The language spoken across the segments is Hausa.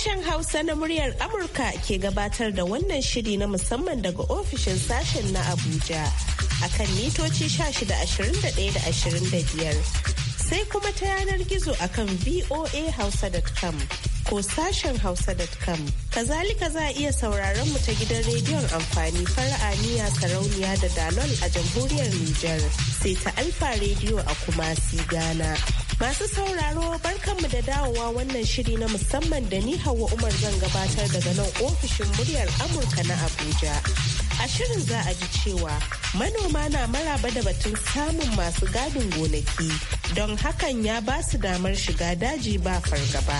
Sashen Hausa na muryar Amurka ke gabatar da wannan shiri na musamman daga ofishin sashen na Abuja akan mitoci 1621 sai kuma ta yanar gizo akan voahausa.com ko sashen hausa.com. Kazalika za a iya sauraron mu ta gidan rediyon amfani fara'a fara'aniya sarauniya da dalol a jamhuriyar Nijar sai ta alfa rediyo a kuma Ghana. Masu sauraro barkanmu da dawowa wannan shiri na musamman da ni Hauwa Umar zan gabatar daga nan ofishin muryar Amurka na Abuja. A shirin za a ji cewa manoma na maraba da batun samun masu gadin gonaki don hakan ya ba su damar shiga daji ba fargaba.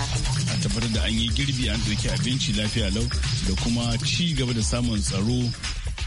A tabbatar da an yi girbi an ɗauki abinci lafiya lau da kuma ci gaba da samun tsaro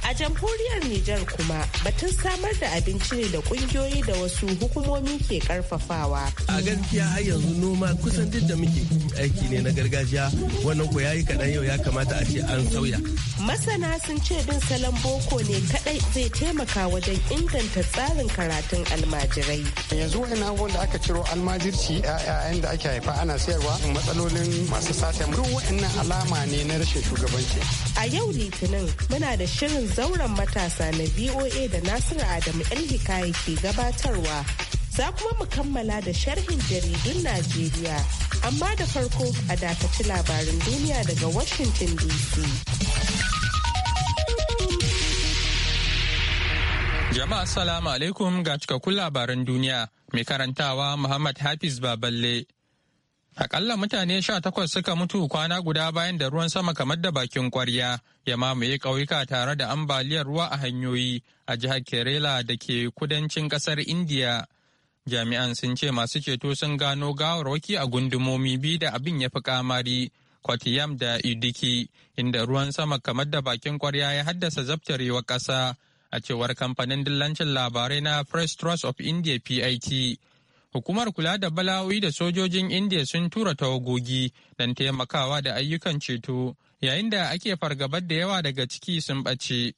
A jamhuriyar Nijar kuma batun samar da abinci ne da kungiyoyi da wasu hukumomi ke karfafawa. A gaskiya har yanzu noma kusan duk da muke aiki ne na gargajiya wannan ko yayi kaɗan yau ya kamata a ce an sauya. Masana sun ce bin salon boko ne kaɗai zai taimaka wajen inganta tsarin karatun almajirai. Yanzu wani abubuwan da aka ciro almajirci yayan da ake haifa ana sayarwa matsalolin masu sata duk wa'annan alama ne na rashin shugabanci. A yau litinin muna da shirin zauren matasa na VOA da Nasiru Adamu 'yan hikaya ke gabatarwa. Za kuma mu kammala da sharhin jaridun Najeriya, amma da farko a dakaci labarin duniya daga Washington DC. Jama'a salamu alaikum ga cikakkun labaran duniya mai karantawa Muhammad Hafiz Baballe. Akalla mutane sha takwas suka mutu kwana guda bayan da ruwan sama kamar da bakin kwarya ya mamaye ƙauyuka tare da ambaliyar ruwa a hanyoyi a jihar Kerala da ke kudancin ƙasar India Jami'an sun ce masu ceto sun gano gawarwaki a gundumomi biyu da abin ya fi kamari, Kwatiyam da Idiki, inda ruwan sama kamar da bakin kwarya ya haddasa zabtarewa ƙasa, a cewar kamfanin dillancin labarai na Press Trust of India PIT. Hukumar kula da bala'o'i da sojojin Indiya sun tura tawagogi don taimakawa da ayyukan ceto yayin da ake fargabar da yawa daga ciki sun ɓace.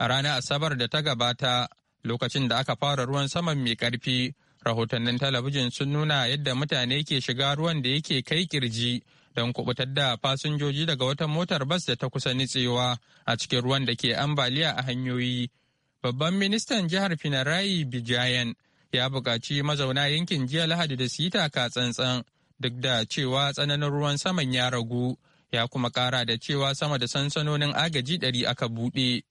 A ranar Asabar da ta gabata, lokacin da aka fara ruwan saman mai ƙarfi, rahotannin talabijin sun nuna yadda mutane ke shiga ruwan da yake kai kirji don kubutar da fasinjoji daga wata motar bas da ta kusa nitsewa a cikin ruwan da ke ambaliya a hanyoyi. Babban ministan jihar Finarayi Bijayan ya buƙaci mazauna yankin jiya lahadi da su yi taka tsantsan duk da cewa tsananin ruwan saman ya ragu ya kuma ƙara da cewa sama da sansanonin agaji ɗari aka buɗe.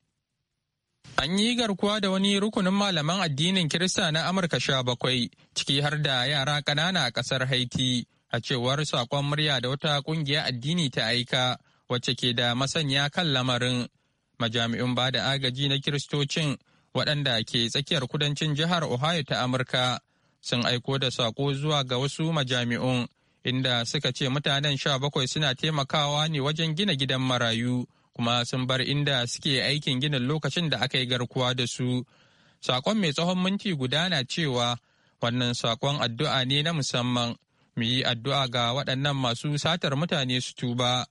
An yi garkuwa da wani rukunin malaman addinin Kirista na Amurka sha bakwai ciki har da yara ƙanana a ƙasar Haiti a cewar saƙon murya da wata ƙungiya addini ta aika wacce ke da masanya kan lamarin. Majami'un ba da agaji na Kiristocin waɗanda ke tsakiyar kudancin jihar Ohio ta Amurka sun aiko da saƙo zuwa ga wasu majami'un inda suka ce mutanen sha bakwai suna taimakawa ne wajen gina gidan marayu kuma sun bar inda suke aikin ginin lokacin da aka yi garkuwa da su. Saƙon mai tsawon minti guda na cewa wannan saƙon addu'a ne na musamman mu yi addu'a ga waɗannan masu satar mutane su tuba.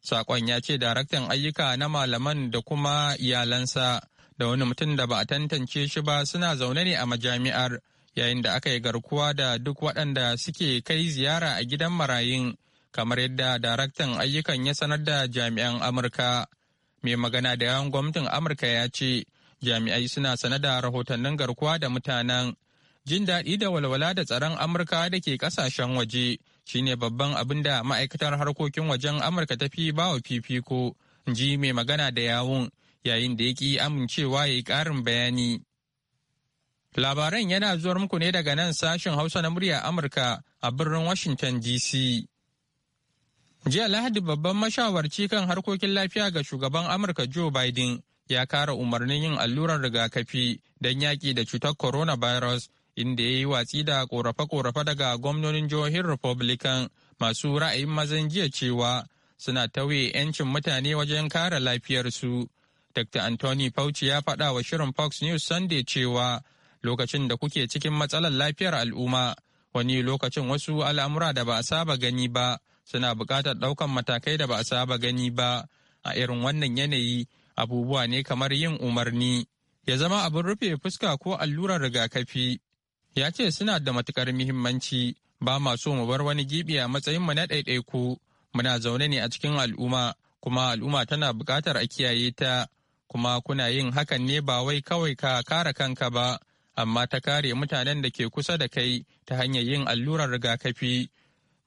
Saƙon ya ce daraktan ayyuka na malaman da kuma iyalansa. da wani mutum da ba a tantance shi ba suna zaune ne a majami'ar yayin da aka yi garkuwa da duk waɗanda suke kai ziyara a gidan marayun kamar yadda daraktan ayyukan ya sanar da jami'an amurka mai magana da yawan gwamnatin amurka ya ce jami'ai suna sanar da rahotannin garkuwa da mutanen jin daɗi da walwala da tsaron amurka da ke ƙasashen waje shine babban abin da ma'aikatar harkokin wajen amurka ta fi bawa fifiko ji mai magana da yawun yayin da ya ki amincewa ya yi ƙarin bayani. Labaran yana zuwar muku ne daga nan sashen Hausa na murya Amurka a birnin Washington DC. Jiya Lahadi babban mashawarci kan harkokin lafiya ga shugaban Amurka Joe Biden ya kara umarnin yin allurar rigakafi don yaƙi da cutar coronavirus inda ya yi watsi da ƙorafe-ƙorafe daga gwamnonin jihohin Republican masu ra'ayin mazan jiya cewa suna tauye 'yancin mutane wajen kare lafiyarsu. Dr. Anthony Fauci ya faɗa wa shirin Fox News Sunday cewa lokacin da kuke cikin matsalar lafiyar al'umma wani lokacin wasu al'amura da ba a saba gani ba suna buƙatar ɗaukan matakai da ba a saba gani ba a irin wannan yanayi abubuwa ne kamar yin umarni ya zama abin rufe fuska ko allurar rigakafi ya ce suna da matuƙar muhimmanci ba ma so mu bar wani gibi a matsayinmu na ɗaiɗaiku muna zaune ne a cikin al'umma kuma al'umma tana buƙatar a kiyaye ta kuma kuna yin hakan ne ba wai kawai ka kare kanka ba, amma ta kare mutanen da ke kusa da kai ta hanyar yin allurar rigakafi.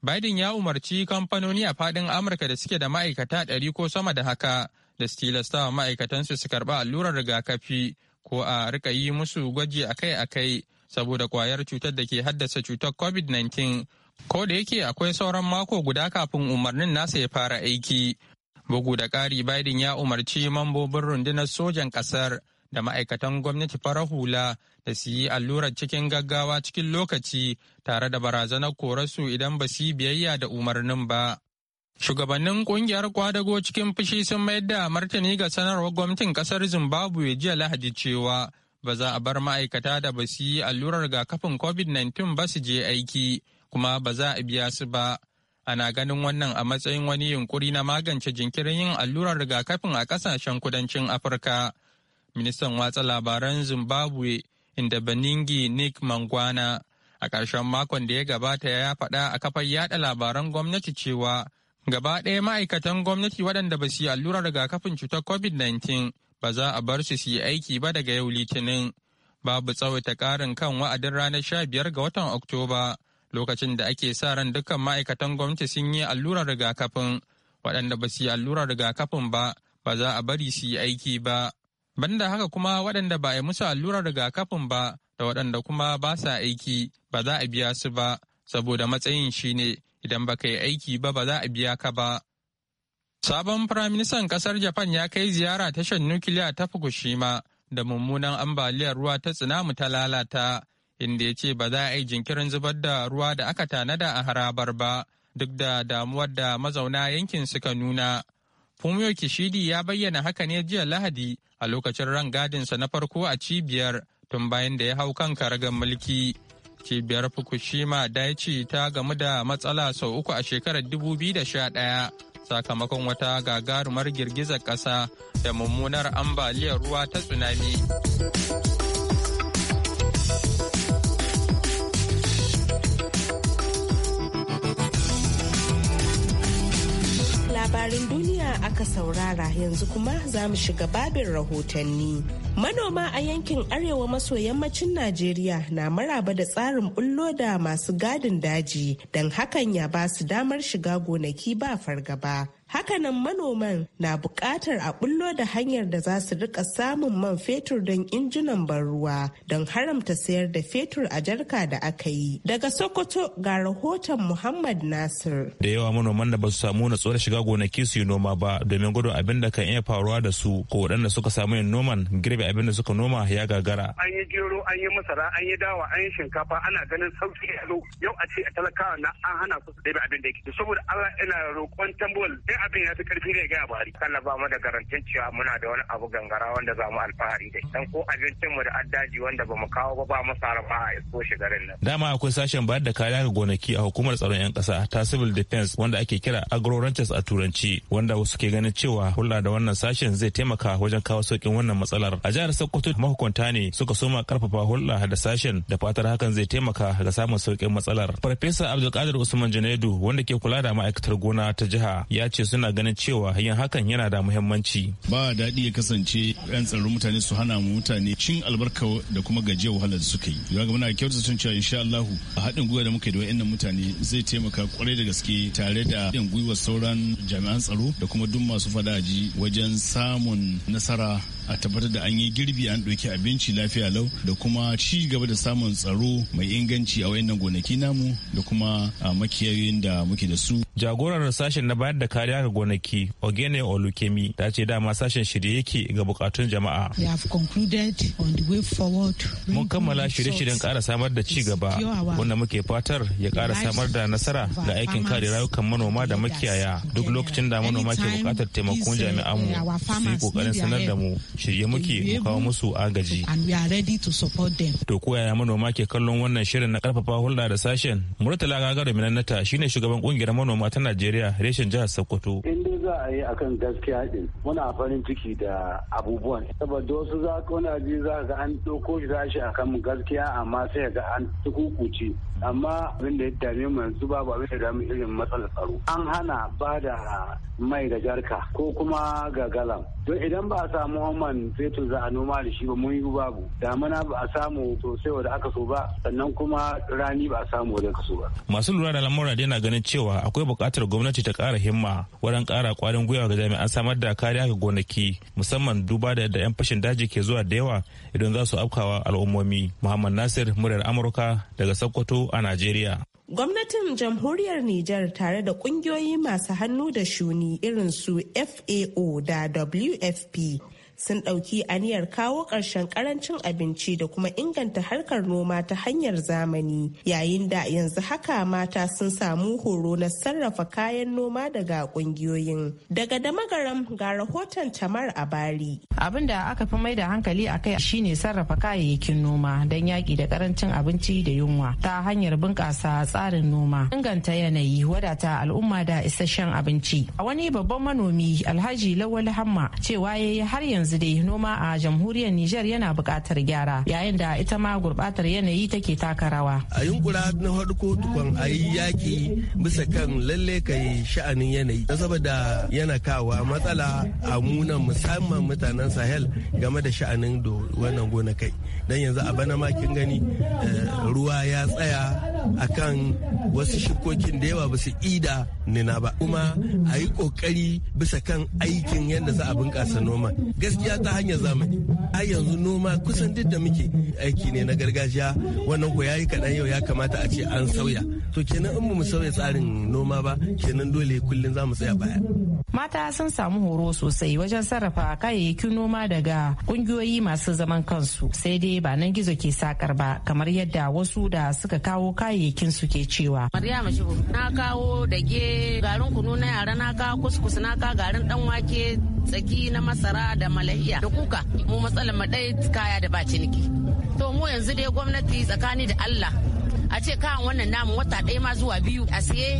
Biden ya umarci kamfanoni a faɗin Amurka da suke da ma'aikata ɗari ko sama da haka da su tilasta wa ma'aikatansu su karɓi allurar rigakafi ko a rika yi musu gwaji akai-akai saboda kwayar cutar da ke haddasa cutar COVID-19. Ko da yake akwai sauran mako guda kafin umarnin nasa ya fara aiki, Bugu da ƙari Biden ya umarci mambobin rundunar sojan ƙasar da ma'aikatan gwamnati farar hula da su yi allurar cikin gaggawa cikin lokaci tare da barazanar korarsu idan ba su yi biyayya da umarnin ba. Shugabannin kungiyar kwadago cikin fushi sun mayar da martani ga sanarwar gwamnatin ƙasar Zimbabwe jiya Lahadi cewa ba za a bar ma'aikata da ba su yi allurar ga kafin COVID-19 ba su je aiki kuma ba za a biya su ba. ana ganin wannan a matsayin wani yunkuri na magance jinkirin yin allurar rigakafin a kasashen kudancin afirka ministan watsa labaran zimbabwe inda beningi nick mangwana a ƙarshen makon da ya gabata ya faɗa a kafar yada labaran gwamnati cewa gaba ɗaya ma'aikatan gwamnati waɗanda ba su yi allurar rigakafin cutar covid-19 ba za a bar su su yi aiki ba daga yau litinin babu tsawaita ƙarin kan wa'adin ranar 15 ga watan oktoba lokacin da ake sa ran dukkan ma'aikatan gwamnati sun yi allurar rigakafin waɗanda ba su yi allurar rigakafin ba ba za a bari su yi aiki ba banda haka kuma waɗanda ba a yi musu allurar rigakafin ba da waɗanda kuma ba sa aiki ba za a biya su ba saboda matsayin shi ne idan ba ka yi aiki ba ba za a biya ka ba sabon firaministan ƙasar japan ya kai ziyara tashar nukiliya ta fukushima da mummunan ambaliyar ruwa ta tsunami ta lalata inda ya ce ba za a yi jinkirin zubar da ruwa da aka tanada a harabar ba duk da damuwar da mazauna yankin suka nuna. Fumio Kishidi ya bayyana haka ne jiya Lahadi a lokacin rangadinsa na farko a cibiyar tun bayan da ya hau kan karagar mulki. Cibiyar Fukushima dace ta gamu da matsala sau uku a shekarar 2011 sakamakon wata gagarumar girgizar ƙasa da mummunar ambaliyar ruwa ta tsunami. labarin duniya aka saurara yanzu kuma za mu shiga babin rahotanni. Manoma a yankin arewa maso yammacin Najeriya na maraba da tsarin bullo da masu gadin daji don hakan ya ba su damar shiga gonaki ba fargaba. Hakanan manoman na bukatar a bullo da hanyar da za su rika samun man fetur don injunan ban ruwa don haramta sayar da fetur a jarka da aka yi. Daga Sokoto ga rahoton Muhammad Nasir. Da yawa manoman da ba su samu natsuwar shiga gonaki su yi noma ba domin gudun abin da kan iya faruwa da su ko waɗanda suka samu yin noman girbe abin da suka noma ya gagara. An yi gero, an yi masara, an yi dawa, an yi shinkafa, ana ganin sauki a yau a ce a talakawa na an hana su su abin da yake. Saboda Allah ina roƙon tambol. abin ya fi karfi da ga bari kalla ba mu da garantin cewa muna da wani abu gangara wanda za mu alfahari da dan ko abincin mu da addaji wanda ba mu kawo ba ba mu sarrafa a isko shi garin nan dama akwai sashen bayar da kaya ga gonaki a hukumar tsaron yan kasa ta civil defense wanda ake kira agro ranches a turanci wanda wasu ke ganin cewa hulɗa da wannan sashen zai taimaka wajen kawo sauƙin wannan matsalar a jihar sokoto mahukunta ne suka soma karfafa hulɗa da sashen da fatar hakan zai taimaka ga samun sauƙin matsalar farfesa abdulkadir usman janaidu wanda ke kula da ma'aikatar gona ta jiha ya ce suna ganin cewa yin hakan yana da muhimmanci ba daɗi ya kasance yan tsaron mutane su hana mu mutane cin albarka da kuma gajiyar wahalar da suka yi Yau ga muna kyautata sun cewa insha Allahu a haɗin gwiwa da muke da wayannan mutane zai taimaka kwarai da gaske tare da haɗin gwiwa sauran jami'an tsaro da kuma duk masu fadaji wajen samun nasara a tabbatar da an yi girbi an ɗauki abinci lafiya lau da kuma ci gaba da samun tsaro mai inganci a wayannan gonaki namu da kuma a da muke da su. Jagorar sashen na bayar da kariya ga gonaki Ogene Olukemi ta ce dama sashen shirye yake ga bukatun jama'a. Mun kammala shirye-shiryen kara samar da ci gaba wanda muke fatar ya kara samar da nasara ga aikin kare rayukan manoma da makiyaya duk lokacin da manoma ke bukatar taimakon uh, jami'anmu su yi kokarin sanar da mu shirye muke mu kawo musu agaji to ko yaya manoma ke kallon wannan shirin na karfafa hulɗa da sashen murtala gagara shi shine shugaban kungiyar manoma ta najeriya reshen jihar sokoto in za a yi akan gaskiya din muna farin ciki da abubuwan saboda wasu za ka wani za ga an ɗauko shi akan gaskiya amma sai ga an tukukuci amma abin da ya dame mu yanzu babu abin da dame irin matsalar tsaro an hana ba da mai ga jarka ko kuma ga galam don idan ba a samu homon fetur za a noma da shi ba mun yi babu damana ba a samu sosai wanda aka so ba sannan kuma rani ba a samu wajen kaso ba masu lura da lamura dai na ganin cewa akwai buƙatar gwamnati ta ƙara himma wurin ƙara ƙwarin gwiwa ga jami'an samar da kariya ga gonaki musamman duba da yadda 'yan fashin daji ke zuwa da yawa idan za su afkawa al'ummomi muhammad nasir muryar amurka daga sokoto a Najeriya. Gwamnatin jamhuriyar Nijar tare da ƙungiyoyi masu hannu da shuni irin su FAO da WFP sun ɗauki aniyar kawo ƙarshen ƙarancin abinci da kuma inganta harkar noma ta hanyar zamani yayin da yanzu haka mata sun samu horo na sarrafa kayan noma daga ƙungiyoyin. Daga damagaram ga rahoton tamar a bari. Abin da aka fi mai da hankali a kai shine sarrafa kayayyakin noma don yaƙi da ƙarancin abinci da yunwa ta hanyar bunƙasa tsarin noma inganta yanayi wadata al'umma da isasshen abinci. A wani babban manomi Alhaji Lawal Hamma cewa yayi har yanzu yanzu noma a jamhuriyar Nijar yana buƙatar gyara yayin da ita ma gurbatar yanayi take taka rawa. A yunkura na ko tukun a yi yaƙi bisa kan lalle kai sha'anin yanayi saboda yana kawo matsala a munan musamman mutanen Sahel game da sha'anin wannan gona kai Dan yanzu a bana makin gani eh, ruwa ya tsaya akan wasu shikokin da yawa basu su ida nina ba kuma a yi kokari bisa kan aikin yadda za a bunƙasa noma gaskiya ta hanyar zamani a yanzu noma kusan duk da muke aiki ne na gargajiya wannan ko yayi kaɗan yau ya kamata a ce an sauya to kenan in mu sauya tsarin noma ba kenan dole kullum za mu tsaya baya mata sun samu horo sosai wajen sarrafa kayayyakin noma daga kungiyoyi masu zaman kansu sai dai ba nan gizo ke sakar ba kamar yadda wasu da suka kawo kayayyakin su ke cewa maryama shigo na kawo dage garin kunu na yara na kawo kuskus na kawo garin dan wake tsaki na masara da mal lahiya da kuka mu matsalar mu ɗaya kaya da ba ciniki to mu yanzu dai gwamnati tsakani da Allah a ce kayan wannan namu wata ɗaya ma zuwa biyu a siye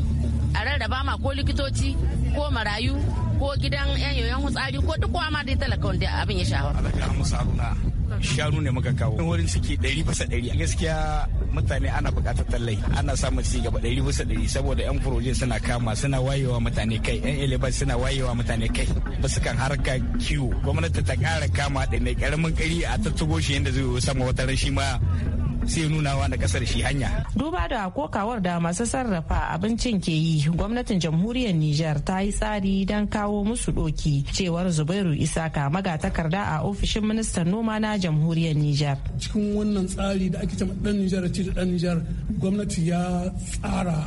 a rarraba ma ko likitoci ko marayu ko gidan yan yoyon hutsari ko duk ma dai talaka da abin ya shahara. Alhaji Hamu Saruna sharu ne muka kawo. Wurin suke ɗari bisa ɗari gaskiya mutane ana bukatar tallai ana samun ci gaba ɗari bisa ɗari saboda yan furojin suna kama suna wayewa mutane kai yan eleban suna wayewa mutane kai su kan harka kiwo gwamnati ta kara kama da ne ƙaramin ƙari a tattugo shi yadda zai sama wata rashi ma sai nunawa na kasar shi hanya. Duba da kokawar da masu sarrafa abincin ke yi gwamnatin jamhuriyar Nijar ta yi tsari don kawo musu doki cewar Zubairu Isaka magatakarda a ofishin ministan noma na jamhuriyar Nijar. Cikin wannan tsari da ake cewa dan Nijar ce da dan Nijar gwamnati ya tsara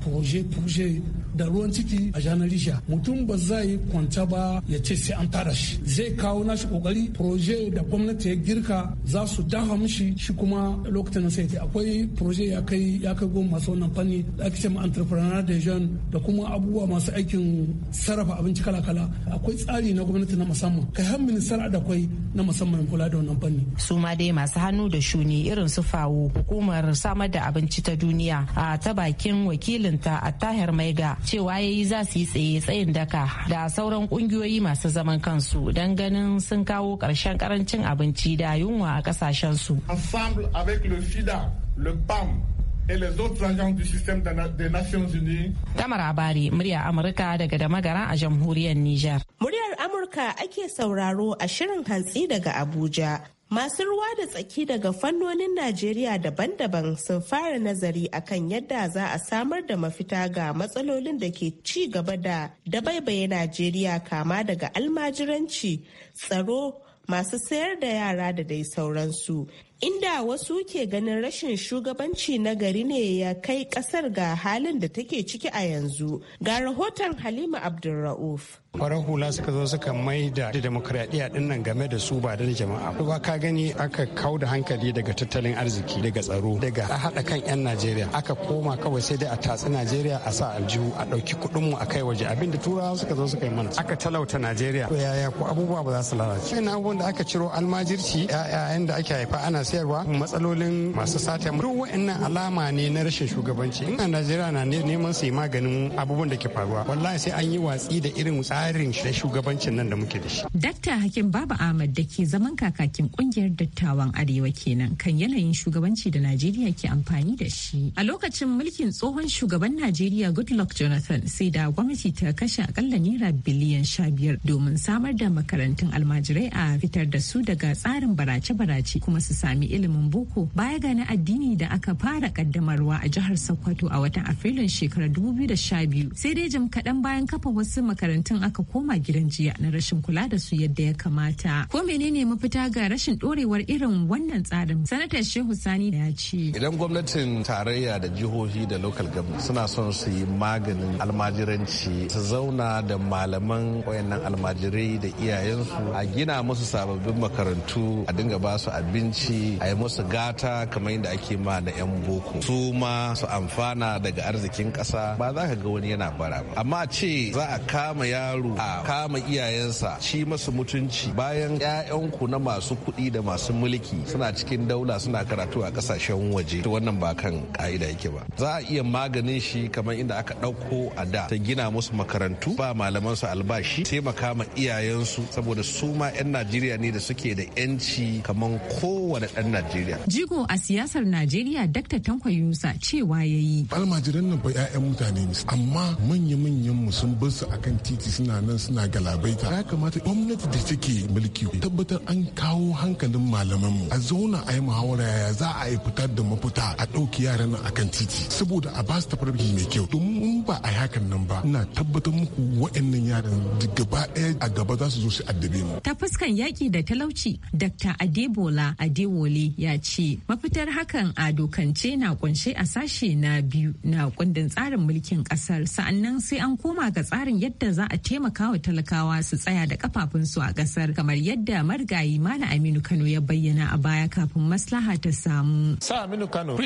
proje-proje da ruwan ciki a janarisha mutum ba zai kwanta ba ya ce sai an tara shi zai kawo nashi kokari proje da gwamnati ya girka za su dafa mishi shi kuma lokacin sai akwai proje ya kai ya kai goma masu wannan fanni da ake cewa entrepreneur de jeune da kuma abubuwa masu aikin sarrafa abinci kala-kala akwai tsari na gwamnati na musamman kai har minisar da kwai na musamman kula da wannan fanni su ma dai masu hannu da shuni irin su fawo hukumar samar da abinci ta duniya a ta bakin wakilin ta a tahir maiga cewa ya yi za su yi tsaye tsayin daka da sauran kungiyoyi masu zaman kansu don ganin sun kawo ƙarshen karancin abinci da yunwa a ƙasashensu. Ensemble avec le FIDA, le PAM, et les autres agents du système des Nations Unies. Tamar Abari, muryar Amurka daga da magara a jamhuriyar Nijar. Muryar Amurka ake sauraro a shirin hantsi daga Abuja. Masu ruwa da tsaki daga fannonin Najeriya daban-daban sun fara nazari akan yadda za a samar da mafita ga matsalolin da ke ci gaba da dabaibaye Najeriya kama daga almajiranci, tsaro, masu sayar da yara da dai sauransu. inda wasu ke ganin rashin shugabanci na gari ne ya kai kasar ga halin da take ciki a yanzu ga rahoton halima abdulra'uf farar hula suka zo suka mai da demokradiyya din nan game da su ba da jama'a ba ka gani aka kau da hankali daga tattalin arziki daga tsaro daga haɗa kan 'yan najeriya aka koma kawai sai dai a tatsi najeriya a sa aljihu a ɗauki kuɗin mu a kai waje abinda turawa suka zo suka yi mana aka talauta najeriya yaya ko abubuwa ba za su lalace na abubuwan da aka ciro almajirci 'ya'yan da ake haifa ana sayarwa matsalolin masu sata duk wa'annan alama ne na rashin shugabanci in a najeriya na neman su maganin abubuwan da ke faruwa wallahi sai an yi watsi da irin tsarin shugabancin nan da muke da shi dakta hakim baba ahmad da ke zaman kakakin kungiyar dattawan arewa kenan kan yanayin shugabanci da najeriya ke amfani da shi a lokacin mulkin tsohon shugaban najeriya goodluck jonathan sai da gwamnati ta kashe akalla naira biliyan sha biyar domin samar da makarantun almajirai a fitar da su daga tsarin barace-barace kuma su sami sami ilimin boko baya ga na addini da aka fara kaddamarwa a jihar Sokoto a watan Afrilun shekarar 2012 sai dai jim kaɗan bayan kafa wasu makarantun aka koma gidan jiya na rashin kula da su yadda ya kamata. Ko menene mafita ga rashin ɗorewar irin wannan tsarin? Sanatar Shehu Sani ya ce. Idan gwamnatin tarayya da jihohi da local government suna son su yi maganin almajiranci su zauna da malaman wayannan almajirai da iyayensu a gina musu sababbin makarantu a dinga ba su abinci a yi musu gata kamar yadda ake ma na 'yan boko su ma su amfana daga arzikin ƙasa ba za ka ga wani yana bara ba amma ce za a kama yaro a kama iyayensa ci masu mutunci bayan 'ya'yanku na masu kuɗi da masu mulki suna cikin daula suna karatu a ƙasashen waje to wannan ba kan ka'ida yake ba za a iya maganin shi kamar inda aka ɗauko a da ta gina musu makarantu ba malaman su albashi taimaka ma iyayensu saboda su ma 'yan najeriya ne da suke da 'yanci kamar kowane 'yan Najeriya. Jigo a siyasar Najeriya Dr. Tanko Yusa cewa ya yi. Almajiran nan ba 'ya'yan mutane ne amma manya-manyan mu sun bar su akan titi suna nan suna galabaita. Ya kamata gwamnati da take mulki tabbatar an kawo hankalin malaman mu. A zauna a yi muhawara yaya za a yi fitar da mafita a ɗauki yaran nan akan titi saboda a ba su tafarki mai kyau. Domin ba a yi hakan nan ba ina tabbatar muku wa'annan yaran gaba ɗaya a gaba za su zo su addabe mu. Ta fuskan yaƙi da talauci Dr. Adebola Adewo Wole ya ce mafitar hakan a dokance na kunshe a sashe na biyu na kundin tsarin mulkin kasar sa'annan sai an koma ga tsarin yadda za a taimaka wa talakawa su tsaya da kafafunsu a kasar kamar yadda marigayi mana Aminu Kano ya bayyana a baya kafin maslaha ta samu. Aminu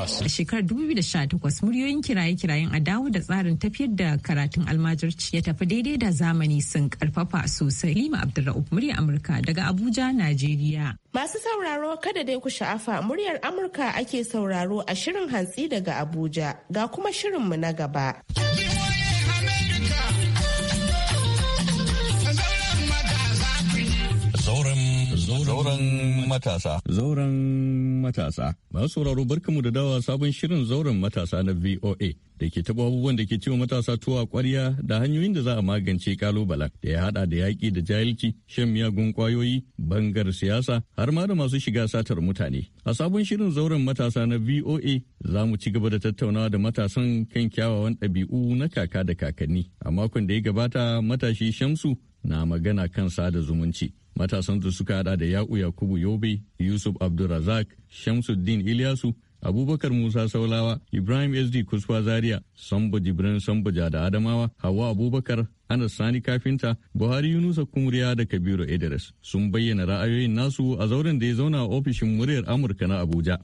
A shekarar 2018 muryoyin kiraye-kirayen a dawo da tsarin tafiyar da karatun almajirci ya tafi daidai da zamani sun karfafa sosai. Lima Abdulra'uf murya Amurka daga Abuja, Najeriya. Masu sauraro kada dai ku sha'afa muryar Amurka ake sauraro a shirin hantsi daga Abuja ga kuma shirin mu na gaba. Yeah! Zauren matasa. Zauren matasa. Masu sauraro barkamu da dawa sabon shirin zauren matasa na VOA da ke taba abubuwan da ke cewa matasa tuwa kwarya da hanyoyin da za a magance kalubalen da ya haɗa da yaƙi da jahilci, shan miyagun kwayoyi bangar siyasa, har ma da masu shiga satar mutane. A sabon shirin zauren matasa na VOA za mu ci gaba da tattaunawa da matasan kan kyawawan ɗabi'u na kaka da kakanni. A makon da ya gabata matashi Shamsu na magana kan sada zumunci. matasan da suka hada da yaƙu yakubu yobe yusuf abdulrazak shamsuddin ilyasu abubakar musa saulawa ibrahim sd kuswa zaria sambo jibrin sambuja da adamawa hawa abubakar anas sani kafinta buhari yunusa kumriya da kabiru idris sun bayyana ra'ayoyin nasu a zauren da ya zauna a ofishin muryar amurka na abuja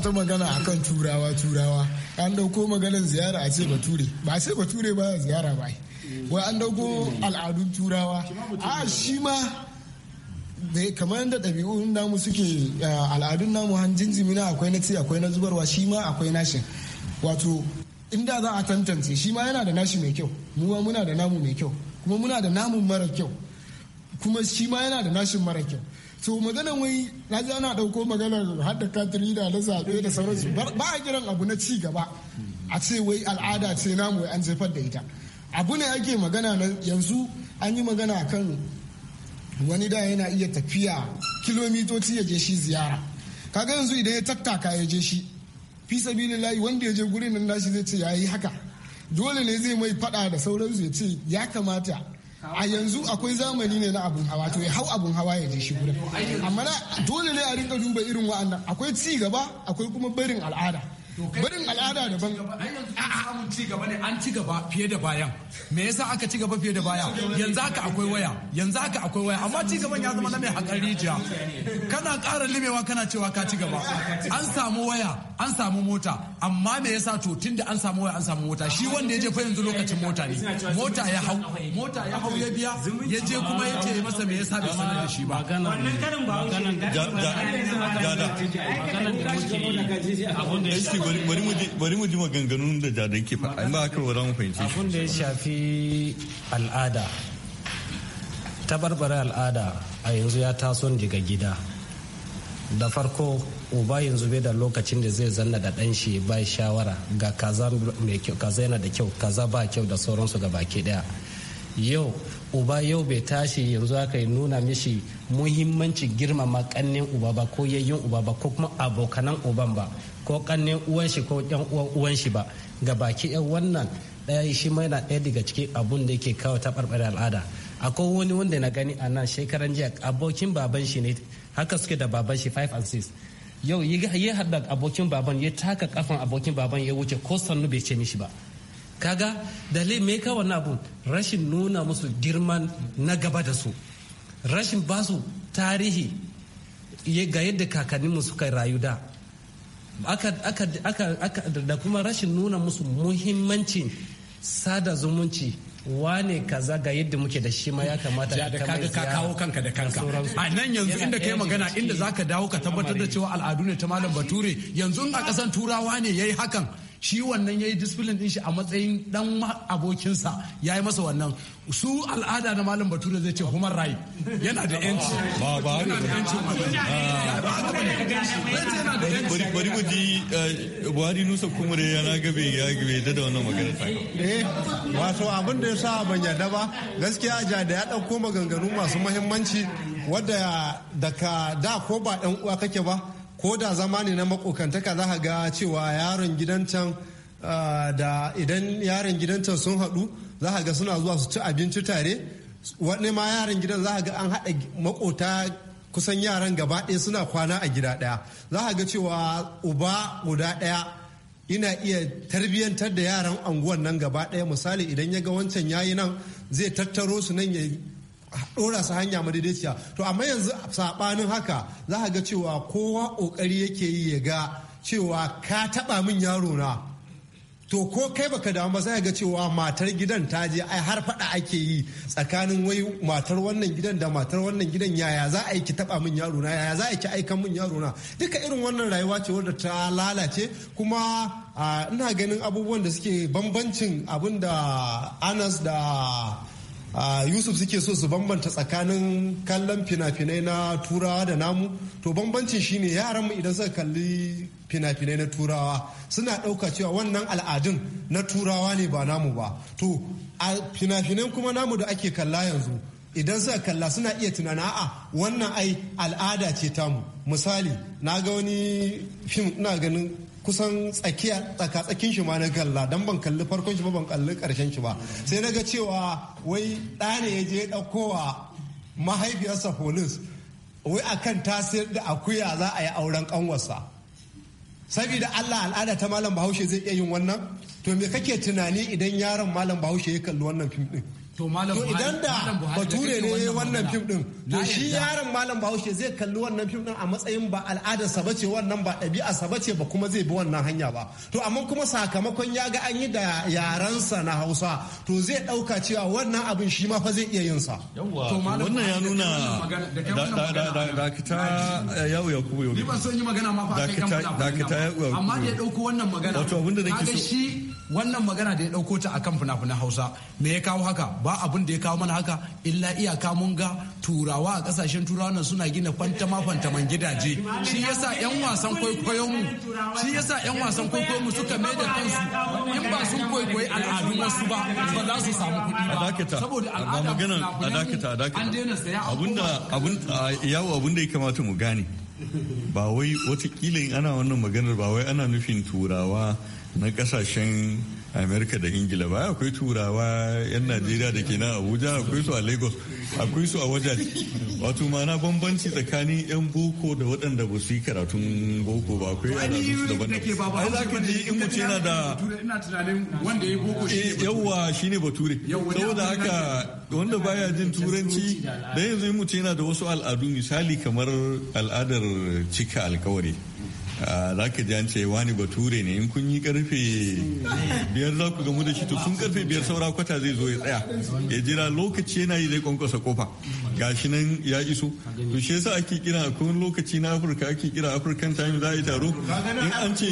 Wata ta magana kan turawa turawa an dauko maganin ziyara a ce bature ba sai bature ba ziyara ba wai an dauko al'adun turawa a shi ma da kamar yadda ɗabi'un namu suke al'adun namu hanjin jimina akwai na ci akwai na zubarwa shi ma akwai nashin wato inda za a tantance shi ma yana da nashi mai kyau mu ma muna da namu mai kyau kuma muna da namun mara kyau kuma shi ma yana da nashin mara kyau so maganar wai na ji ana ɗauko maganar hadda katrina na zaɓe da sauransu ba a kiran abu na ci gaba a ce wai al'ada ce namu an jefar da ita abu ne ake magana na yanzu an yi magana kan wani da yana iya tafiya kilomitoci ya je shi ziyara kaga yanzu idan ya tattaka ya je shi fi sabilillahi wanda ya je gurin nan nashi zai ce ya yi haka dole ne zai mai fada da sauransu ya ce ya kamata a yanzu akwai zamani ne na abun hawa to ya hau abun hawa ya je shi gurin amma dole ne a rinka duba irin wa'annan akwai ci gaba akwai kuma barin al'ada barin al'ada daban samun ci gaba ne an ci gaba fiye da bayan me yasa aka ci gaba fiye da baya yanzu haka akwai waya yanzu haka akwai waya amma ci gaban ya zama na mai hakan rijiya kana ƙara limewa kana cewa ka ci gaba an samu waya an samu mota amma me yasa to tunda an samu waya an samu mota shi wanda ya je fa yanzu lokacin mota ne mota ya hau mota ya hau ya biya ya je kuma ya ce masa me yasa bai sanar da shi ba wannan karin ba da da da da bari mu ji maganganun da jadon ke faɗa ba haka ba za mu fahimci shi da ya shafi al'ada tabarbare al'ada a yanzu ya taso daga gida da farko uba yanzu bai da lokacin da zai zanna da ɗan shi ba shawara ga kaza mai kyau kaza yana da kyau kaza ba kyau da sauransu ga baki daya yau uba yau bai tashi yanzu aka yi nuna mishi muhimmanci girmama kannin uba ba ko yayyin uba ba ko kuma abokanan uban ba ko kanne uwan shi ko yan uwan uwan shi ba ga baki yan wannan ɗaya shi ma yana ɗaya daga cikin abun da yake kawo taɓarɓare al'ada akwai wani wanda na gani a nan shekaran jiya abokin baban shi ne haka suke da baban shi 5 and 6 yau ya haɗa abokin baban ya taka kafan abokin baban ya wuce ko sannu bai ce mishi ba kaga dalilin me ka wannan abun rashin nuna musu girman na gaba da su rashin basu tarihi ga yadda kakanninmu suka rayu da da kuma rashin nuna musu muhimmancin sada zumunci wane kaza ga yadda muke da shi ma ya kamata ya kaga ka kawo kanka da kanka a nan yanzu inda kai magana inda zaka dawo ka tabbatar da cewa al'adu ne ta malam bature yanzu in a kasan turawa ne yayi hakan shi wannan ya yi discipline din shi a matsayin dan abokinsa ya yi masa wannan su al'ada na malam bature zai ce human right yana da yanci ba ba ah. yana da yanci bari mu ji eh, buhari nusa kumure ya na gabe ya gabe da da wannan magana eh wato abin da ya sa ban yarda ba gaskiya ja da ya dauko maganganu masu muhimmanci wadda daga da ko ba ɗan uwa kake ba ko da zama ne na makokantaka za ga cewa yaron gidan ah, da idan yaron gidan sun haɗu za ga suna zuwa su ci abinci tare wani ma yaron gidan za ga an haɗa makota kusan yaran gaba ɗaya suna kwana a gida ɗaya za ga cewa uba guda ɗaya ina iya tarbiyyantar da yaran anguwan nan gaba ɗaya misali idan ya ga wancan yayi nan zai tattaro su nan ya dora su hanya madaidaiciya to amma yanzu sabanin haka za a ga cewa kowa kokari yake yi ya ga cewa ka taba min yaro na to ko kai baka damu ba sai ga cewa matar gidan ta je ai har fada ake yi tsakanin wai matar wannan gidan da matar wannan gidan yaya za a yi ki taba min yaro na yaya za a yi ki aikan min yaro na duka irin wannan rayuwa ce wadda ta lalace kuma ina ganin abubuwan da suke bambancin abin da Anas da yusuf suke so su bambanta tsakanin kallon fina-finai na turawa da namu to bambancin shine yaran mu idan suka kalli fina-finai na turawa suna ɗauka cewa wannan al'adun na turawa ne ba namu ba to fina-finan kuma namu da ake kalla yanzu idan suka kalla suna iya tunana a wannan ai al'ada ce tamu misali na ga wani fim ina ganin kusan tsakiya tsakin shi ma na galla dan ban kalli farkon shi ba ban kalli karshen shi ba sai na ga cewa wai ɗa ne ya je ɗaukowa mahaifiyarsa polis wai akan tasir da akuya za a yi auren ƙanwarsa. saboda allah al'ada ta malam bahaushe zai iya yin wannan to me kake tunani idan yaron malam bahaushe ya kalli wannan fim din to idan da bature ne wannan fim din to shi yaron malam bahaushe zai kalli wannan fim din a matsayin ba saba bace wannan ba ɗabi'a saba bace ba kuma zai bi wannan hanya ba to amma kuma sakamakon ya ga an yi da yarensa na hausa to zai ɗauka cewa wannan abin shi ma fa zai iya yin sa. wannan ya nuna dakita ya wuya kuma yau. ni ban son yi magana ma fa da yan amma da ya dauko wannan magana. wato abinda nake so. wannan magana da ya ɗauko ta akan fina-finan hausa me ya kawo haka ba abin da ya kawo mana haka illa iyaka mun ga turawa a kasashen turawa nan suna gina fantama fantaman gidaje shi yasa yan wasan kwaikwayon mu shi yasa yan wasan kwaikwayon mu suka mai da kansu in ba sun kwaikwayi al'adun wasu ba ba za su samu kuɗi ba saboda al'adun a dakata a dakata abinda abin yawo abun da ya kamata mu gane ba wai watakila ana wannan maganar ba wai ana nufin turawa na kasashen amerika da ingila ba akwai turawa yan najeriya da ke nan abuja akwai su a lagos akwai su a Wajen wato mana bambanci tsakanin yan boko da waɗanda ba su yi karatun boko ba akwai da daban ai za ka ji in mutu yana da yawa eh, ne bature saboda haka wanda baya jin turanci da yanzu in mutu yana da wasu al'adu misali kamar al'adar cika alkawari za ka ji an ce wani bature ne in kun yi karfe biyar za ku gamu da shi to sun karfe biyar saura kwata zai zo ya tsaya ya jira lokaci yana yi zai kwankwasa kofa gashi nan ya iso to shi yasa ake kira a kowane lokaci na afirka ake kira african time za a yi taro in an ce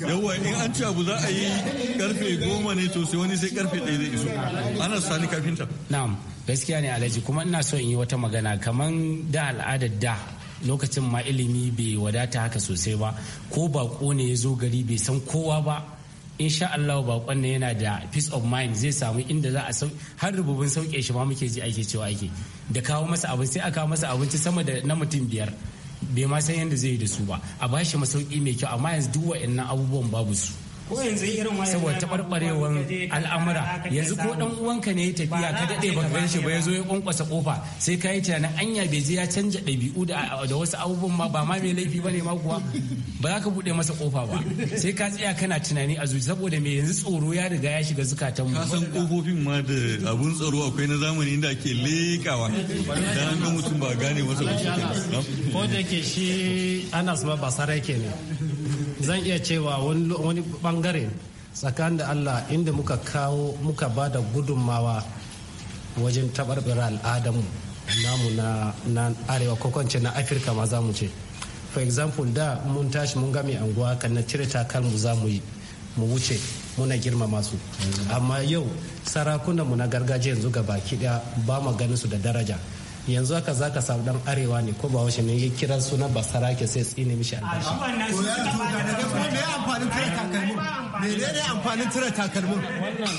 yawa in an ce abu za a yi karfe goma ne to sai wani sai karfe ɗaya zai iso ana sani kafinta na'am gaskiya ne alhaji kuma ina so in yi wata magana kamar da al'adar da lokacin ma ilimi bai wadata haka sosai ba ko bako ne ya zo gari bai san kowa ba insha Allah bakon ne yana da peace of mind zai samu inda za a sau har rububin sauke shi ma muke ji ake cewa ake da kawo masa abinci sai a kawo masa abinci sama da na mutum biyar bai ma san yadda zai yi da su ba a bashi masauki mai kyau amma yanzu duk wa'annan abubuwan babu su saboda taɓarɓarewar al'amura yanzu ko dan uwanka ne ya tafiya ka daɗe ba ka shi ba ya zo ya kwankwasa kofa sai ka yi tunanin anya bai je ya canja ɗabi'u da wasu abubuwan ma ba ma mai laifi ba ne ma kuwa ba za ka buɗe masa kofa ba sai ka tsaya kana tunani a zuci saboda me yanzu tsoro ya riga ya shiga zukatan mu. ka san kofofin ma da abun tsaro akwai na zamani inda ake leƙawa dan an ga mutum ba gane masa ba ko da ke shi anas ba ba ke ne zan iya cewa wani bangare tsakanin da allah inda muka kawo muka ba da gudunmawa wajen taɓarɓara al'adamu namu na arewa ko na afirka ma za mu ce for example da mun tashi mun ga anguwa kan na cire takalmu za mu yi mu wuce muna girmama su mm. amma yau sarakunanmu na gargajiya yanzu ga baki daya ba mu ganin su da daraja yanzu haka za ka samu dan arewa ne ko ba washe ne ya kira suna ke sai tsine mishi albashi. to ya to ga daga kuma me amfanin cire takalmin menene amfanin cire takalmin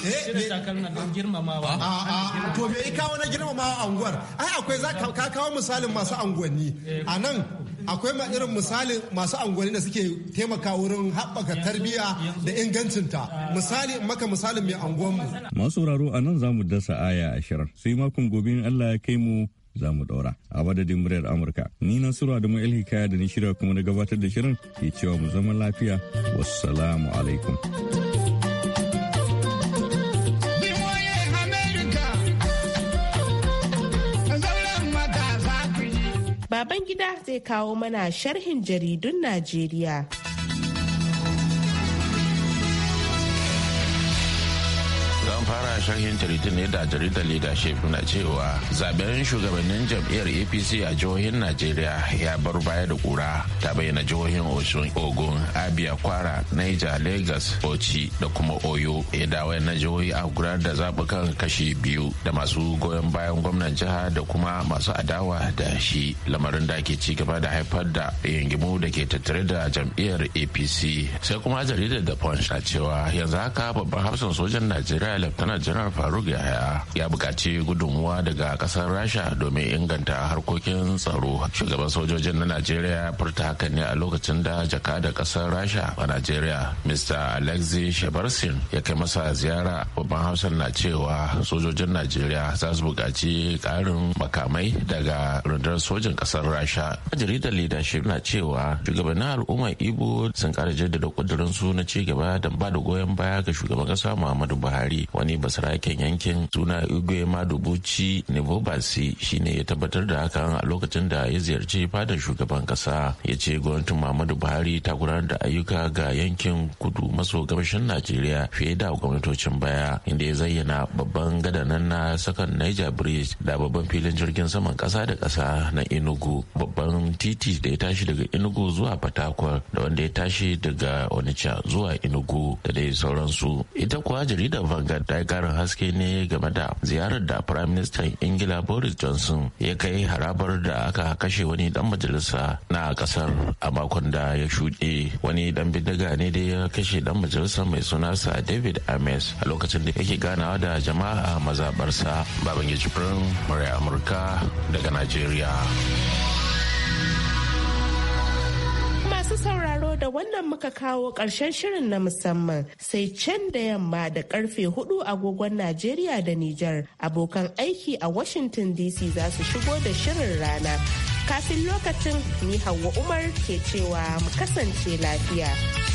eh cire takalmin don girmamawa a ah, ah, ah. to me kawo na girmamawa unguwar ai akwai za ka kawo misalin masu anguwanni eh. a nan akwai ma irin misali masu angwani da suke taimaka wurin haɓaka tarbiyya da ingancinta misali maka misalin mai anguwanmu. masu sauraro a nan za mu dasa aya ashirin sai makon gobe in allah ya kai mu za mu daura a madadin muryar amurka ni nan suru adamu hikaya da ni shirya kuma na gabatar da shirin ke cewa mu zama lafiya wassalamu alaikum Baban gida zai kawo mana sharhin jaridun Najeriya. sharhin jaridun ne da jaridar leadership na cewa zaben shugabannin jam'iyyar apc a jihohin najeriya ya bar baya da kura ta bayyana jihohin osun ogun abia kwara niger lagos oci da kuma oyo ya dawo na jihohi a gudanar da zabukan kashi biyu da masu goyon bayan gwamnan jiha da kuma masu adawa da shi lamarin da ke ci gaba da haifar da yingimu da ke tattare da jam'iyyar apc sai kuma jaridar da punch na cewa yanzu haka babban hafsan sojan najeriya lieutenant janar faruk yahaya ya buƙaci gudunmuwa daga ƙasar rasha domin inganta harkokin tsaro shugaban sojojin na najeriya furta hakan ne a lokacin da jaka da ƙasar rasha a najeriya mr alexei shabarsin ya kai masa ziyara babban hausar na cewa sojojin najeriya za su buƙaci ƙarin makamai daga rundunar sojin ƙasar rasha a jaridar leadership na cewa shugabannin al'ummar ibo sun ƙara jaddada ƙudurinsu na ci gaba da ba da goyon baya ga shugaban ƙasa muhammadu buhari wani basa sarakin yankin suna igwe madubuci nebobasi shine ya tabbatar da hakan a lokacin da ya ziyarci fadar shugaban kasa ya ce gwamnatin muhammadu buhari ta gudanar da ayyuka ga yankin kudu maso gabashin najeriya fiye da gwamnatocin baya inda ya zayyana babban gadanan na sakan niger bridge da babban filin jirgin saman kasa da kasa na enugu babban titi da ya tashi daga enugu zuwa fatakwal da wanda ya tashi daga onitsha zuwa enugu da dai sauransu ita kuwa jaridar vanguard ta yi karin haske ne game da ziyarar da Prime Minister Ingila Boris Johnson ya kai harabar da aka kashe wani dan majalisa na kasar a makon da ya shuɗe. Wani dan bindiga ne da ya kashe dan majalisa mai suna sa David Ames a lokacin da yake ganawa da jama'a mazabarsa. Baban Yajibirin, Murai Amurka daga Najeriya. wannan muka kawo ƙarshen shirin na musamman sai can da yamma da karfe hudu agogon Najeriya da Nijar abokan aiki a Washington DC za su shigo da shirin rana. Kafin lokacin ni Hauwa Umar ke cewa mu kasance lafiya.